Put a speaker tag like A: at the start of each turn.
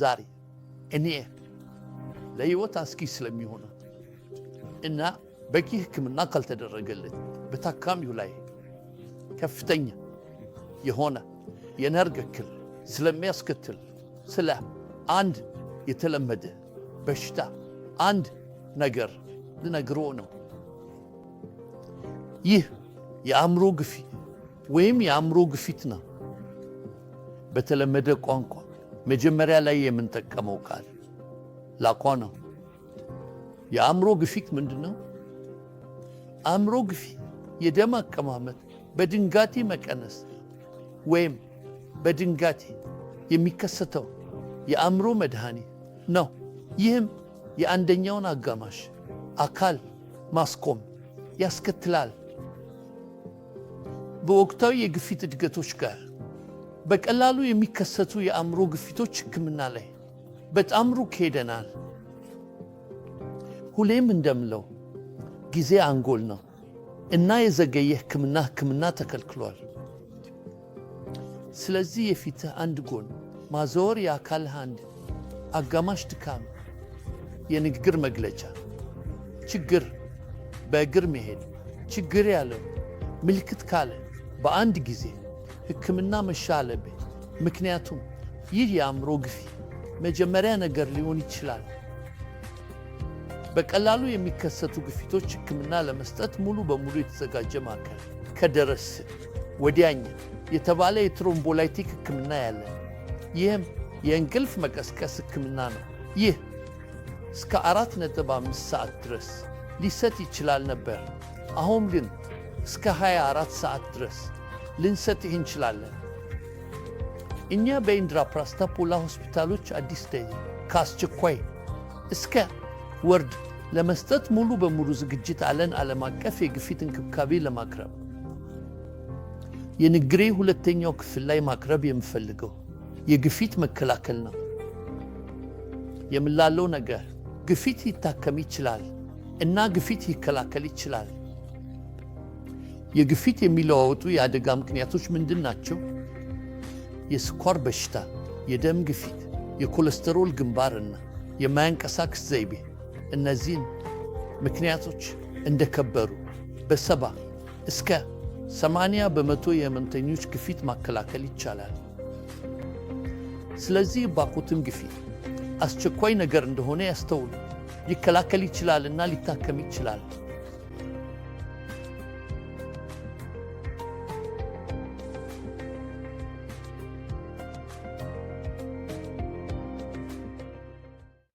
A: ዛሬ እኔ ለህይወት አስጊ ስለሚሆነ እና በቂ ሕክምና ካልተደረገለት በታካሚው ላይ ከፍተኛ የሆነ የነርግ እክል ስለሚያስከትል ስለ አንድ የተለመደ በሽታ አንድ ነገር ልነግሮ ነው። ይህ የአእምሮ ግፊት ወይም የአእምሮ ግፊት ነው በተለመደ ቋንቋ መጀመሪያ ላይ የምንጠቀመው ቃል ላኳ ነው። የአእምሮ ግፊት ምንድን ነው? አእምሮ ግፊት የደም አቀማመጥ በድንጋቴ መቀነስ ወይም በድንጋቴ የሚከሰተው የአእምሮ መድኃኒት ነው። ይህም የአንደኛውን አጋማሽ አካል ማስቆም ያስከትላል። በወቅታዊ የግፊት እድገቶች ጋር በቀላሉ የሚከሰቱ የአእምሮ ግፊቶች ሕክምና ላይ በጣም ሩቅ ሄደናል። ሁሌም እንደምለው ጊዜ አንጎል ነው እና የዘገየ ሕክምና ሕክምና ተከልክሏል። ስለዚህ የፊትህ አንድ ጎን ማዘወር፣ የአካልህ አንድ አጋማሽ ድካም፣ የንግግር መግለጫ ችግር፣ በእግር መሄድ ችግር ያለው ምልክት ካለ በአንድ ጊዜ ህክምና መሻለብ። ምክንያቱም ይህ የአእምሮ ግፊ መጀመሪያ ነገር ሊሆን ይችላል። በቀላሉ የሚከሰቱ ግፊቶች ህክምና ለመስጠት ሙሉ በሙሉ የተዘጋጀ ማዕከል ከደረስ ወዲያኛ የተባለ የትሮምቦላይቲክ ህክምና ያለ፣ ይህም የእንቅልፍ መቀስቀስ ህክምና ነው። ይህ እስከ 4.5 ሰዓት ድረስ ሊሰጥ ይችላል ነበር። አሁን ግን እስከ 24 ሰዓት ድረስ ልንሰጥህ እንችላለን። እኛ በኢንድራፕራስታ ፖላ ሆስፒታሎች አዲስ ደኝ ከአስቸኳይ እስከ ወርድ ለመስጠት ሙሉ በሙሉ ዝግጅት አለን። ዓለም አቀፍ የግፊት እንክብካቤ ለማቅረብ የንግሬ ሁለተኛው ክፍል ላይ ማቅረብ የምፈልገው የግፊት መከላከል ነው የምላለው ነገር ግፊት ይታከም ይችላል እና ግፊት ይከላከል ይችላል። የግፊት የሚለዋወጡ የአደጋ ምክንያቶች ምንድን ናቸው? የስኳር በሽታ፣ የደም ግፊት፣ የኮለስተሮል ግንባርና የማያንቀሳቅስ ዘይቤ። እነዚህን ምክንያቶች እንደከበሩ በሰባ እስከ 80 በመቶ የህመምተኞች ግፊት ማከላከል ይቻላል። ስለዚህ ባኮትን ግፊት አስቸኳይ ነገር እንደሆነ ያስተውሉ። ሊከላከል ይችላልና ሊታከም ይችላል።